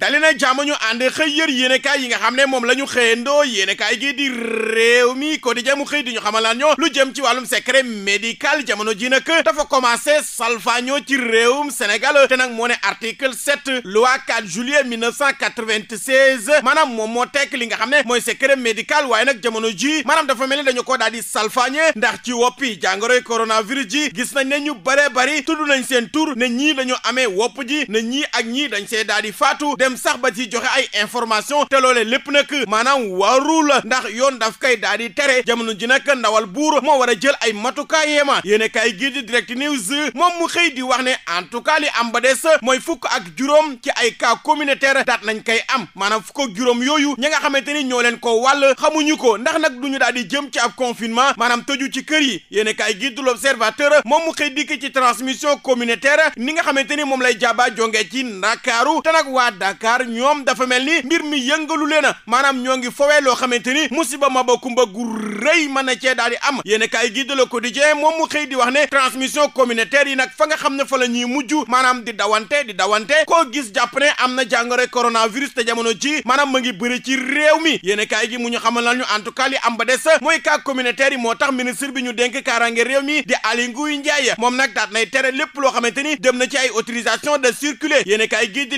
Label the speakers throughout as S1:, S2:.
S1: dali na jàmm ñu ànd xëy yër yéenekaay yi nga xam ne moom la ñu xëyandoo yéenekaay gi di réew mi quotidien mu xëy di ñu xamalaan ñoo lu jëm ci wàllum secret médical jamono ji nag dafa commencé salfaañoo ci réewum Sénégal te nag moo ne article 7 loi 4 juillet 1996 maanaam moom moo tekk li nga xam ne mooy secret médical waaye nag jamono ji maanaam dafa mel dañu ko daal di salfaañe ndax ci woppi jàngoroy coronavirus ji gis nañ ne ñu bare bari tudd nañ seen tur ne ñii dañu amee wopp ji ne ñii ak ñii dañ see daal di faatu dem sax ba ci joxe ay information te loolee lépp nag maanaam warul ndax yoon daf kay daal di tere jamono ji nag ndawal buur moo war a jël ay matukaayema yéen a kaay gii di direct news moom mu xëy di wax ne en tout cas li am ba des mooy fukk ak juróom ci ay kaa communautaire daat nañ koy am maanaam fukk ak juróom yooyu ñi nga xamante ni ñoo leen ko wàll xamuñu ko ndax nag duñu daal di jëm ci ab confinement maanaam tëju ci kër yi yéen a kaay gii du l'observateur moom mu xëy dikk ci transmission communautaire ni nga xamante ni moom lay jaaba jonge ci ndakaaru te nag waa Dakar yaakaar ñoom dafa mel ni mbir mi yëngalu leen a maanaam ñoo ngi fowee loo xamante ni musiba ma ba kumba gu rëy mën na cee daal di am yéen kaay gi de di Quotidien moom mu xëy di wax ne transmission communautaire yi nag fa nga xam ne fa la ñuy mujj maanaam di dawante di dawante ko gis jàpp ne am na jàngoro coronavirus te jamono ci maanaam ma ngi bëri ci réew mi yéen kaay gi mu ñu xam la ñu en tout am ba des mooy cas communautaire moo tax ministre bi ñu denk kaaraange réew mi di Aly Ngouille Ndiaye moom nag daat nay tere lépp loo xamante ni dem na ci ay autorisation de circuler yéen kaay gi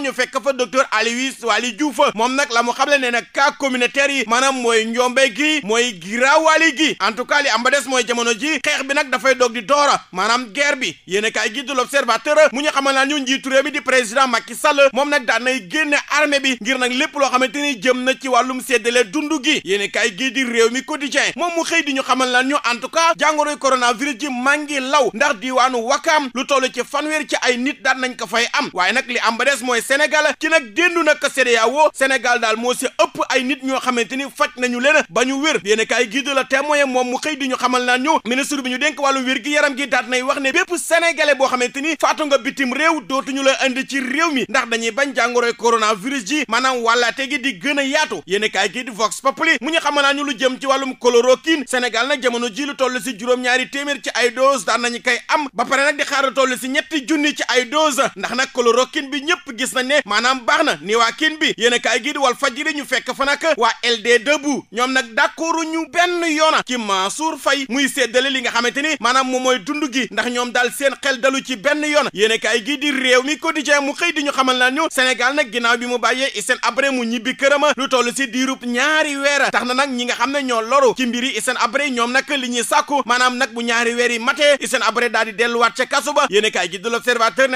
S1: ñu fekk fekk fa docteur Aloyse Waly Diouf moom nag la mu xamle ne nag cas communautaire yi maanaam mooy njombe gi mooy giraawaali gi en tout cas li am ba des mooy jamono ji xeex bi nag dafay doog di doora maanaam guerre bi yéen a kaay gi du l'observateur mu ñu xamal naa ñu njiitu réew mi di président Macky Sall moom nag daan nay génne armée bi ngir nag lépp loo xamante ni jëm na ci wàllum séddale dund gi yéen a kaay gi di réew mi quotidien moom mu xëy di ñu xamal naa ñu en tout cas jàngoroy coronavirus ji maa ngi law ndax diwaanu Wakaam lu toll ci fanweer ci ay nit daan nañ ko fay am waaye nag li am ba des mooy Sénégal Sénégal ci nag déndu nag CEDEAO Sénégal daal moo si ëpp ay nit ñoo xamante ni faj nañu leen ba ñu wér yéen kaay gii de la témoin moom mu xëy di ñu xamal naan ñu ministre bi ñu dénk wàllu wér gi yaram gi daat nay wax ne bépp sénégalais boo xamante ni faatu nga bitim réew dootuñu la indi ci réew mi ndax dañuy bañ jàngoroy coronavirus ji maanaam wàllaate gi di gën a yaatu yéen kaay gii di Vox Populi mu ñu xamal ñu lu jëm ci wàllum chloroquine Sénégal nag jamono ji lu toll si juróom-ñaari téeméer ci ay dose daan nañu koy am ba pare nag di xaar toll si ñetti junni ci ay dose ndax nag chloroquine bi ñëpp gis nañ maanaam baax na ni waa kin bi yéen a kaay gii wal fajiri ñu fekk fa nag waa LD debout ñoom nag d'accordu ñu benn yoona ci Mansour fay muy séddale li nga xamante ni maanaam moom mooy dund gi ndax ñoom daal seen xel dalu ci benn yoona yéen a kaay gii di réew mi quotidien mu xëy di ñu xamal la ñu Sénégal nag ginnaaw bi mu bàyyee Hissène Habré mu ñibbi kërama lu toll si diirub ñaari weer tax na nag ñi nga xam ne ñoo loru ci mbiri Hissène Habré ñoom nag li ñuy sàkku maanaam nag bu ñaari weer yi matee Hissène Habré daal di delluwaat ca kaso ba yéen a kaay gii di l'observateur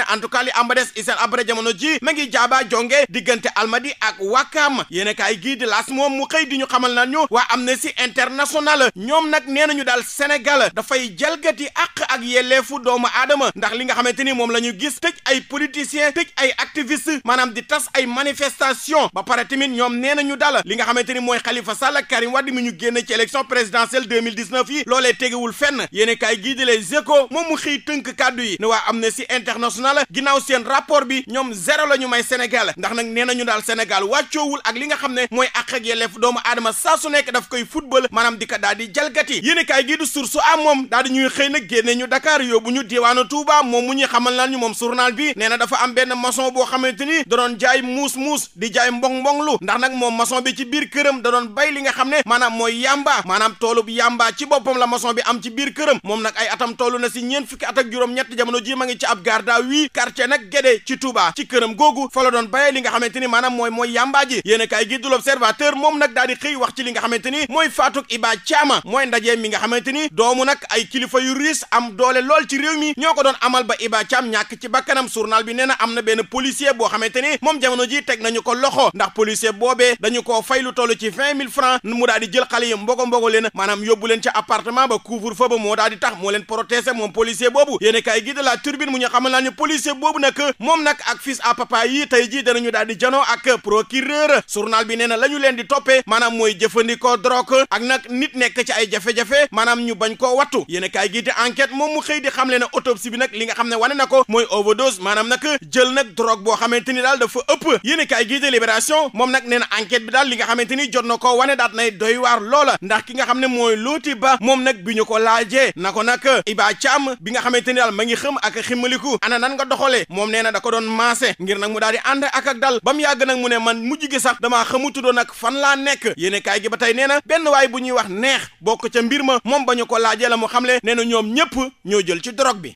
S1: ji ma ngi Saba jonge diggante Almadi ak Wakam yéen a kaay gii di laas moom mu xëy di ñu xamal nañu waa Amnesty International ñoom nag nee nañu daal Sénégal dafay jalgati àq ak yelleefu doomu aadama ndax li nga xamante ni moom la ñu gis tëj ay politiciens tëj ay activistes maanaam di tas ay manifestations ba pare tamit ñoom nee nañu daal li nga xamante ni mooy Khalifa Sall ak Karim Wade mi ñu génn ci élection présidentielle 2019 yi loolee tegewul fenn yéen a kaay gii di Les Échos moom mu xëy tënk kàddu yi ne waa bi ñoom zéro la Sénégal ndax nag nee nañu daal Sénégal wàccoowul ak li nga xam ne mooy àq ak yelleef doomu aadama saa su dafa koy football maanaam di ko daal di jalgati yéen kaay gii du source a moom daal di ñuy xëy nag génne ñu Dakar yóbbu ñu diwaanu Touba moom mu ñuy xamal lan ñu moom journal bi nee na dafa am benn maçon boo xamante ni da doon jaay muus muus di jaay mbong mbong lu ndax nag moom maçon bi ci biir këram da doon bay li nga xam ne maanaam mooy yamba maanaam toolub yamba ci boppam la maçon bi am ci biir këram moom nag ay atam toll na si ñeent fukki at ak ñett jamono ji ma ngi ci ab garda wii quartier nag Guédé ci Touba la doon bayee li nga xamante ni maanaam mooy mooy yàmbaa ji yéen a kaay gi moom nag daal xëy wax ci li nga xamante mooy faatuk Iba Thiam mooy ndaje mi nga xamante doomu nag ay kilifa riis am doole lool ci réew ñoo ko doon amal ba Iba Thiam ñàkk ci bakkanam journal bi nee am na benn policier boo xamante moom jamono ji teg nañu ko loxo ndax policier boobee dañu koo fay lu ci vingt mille francs mu daal jël xale yi mbogo mbogo leen tey ji ñu daal di janoo ak procureur journal bi nee na la ñu leen di toppee maanaam mooy jëfandikoo drogue ak nag nit nekk ci ay jafe-jafe maanaam ñu bañ koo wattu yéen kaay gi di enquête moom mu xëy di xam le ne autopsie bi nag li nga xam ne wane na ko mooy overdose maanaam nag jël nag drogue boo xamante ni daal dafa ëpp yéen kaay gi di libération moom nag nee na enquête bi daal li nga xamante ni jot na ko wane daat nay doy waar loola ndax ki nga xam ne mooy looti ba moom nag bi ñu ko laajee na ko nag Iba Thiam bi nga xamante ni daal ma ngi xëm ak ximaliku ana nan nga doxalee moom nee na da ko doon maase ànd ak ak dal ba mu yàgg nag mu ne man mujj gi sax damaa xamutudoon nag fan laa nekk yéene gi ba tey nee na benn waay bu ñuy wax neex boo ko ca mbir ma moom ba ñu ko laajee la mu xamle nee na ñoom ñëpp ñoo jël ci drogue bi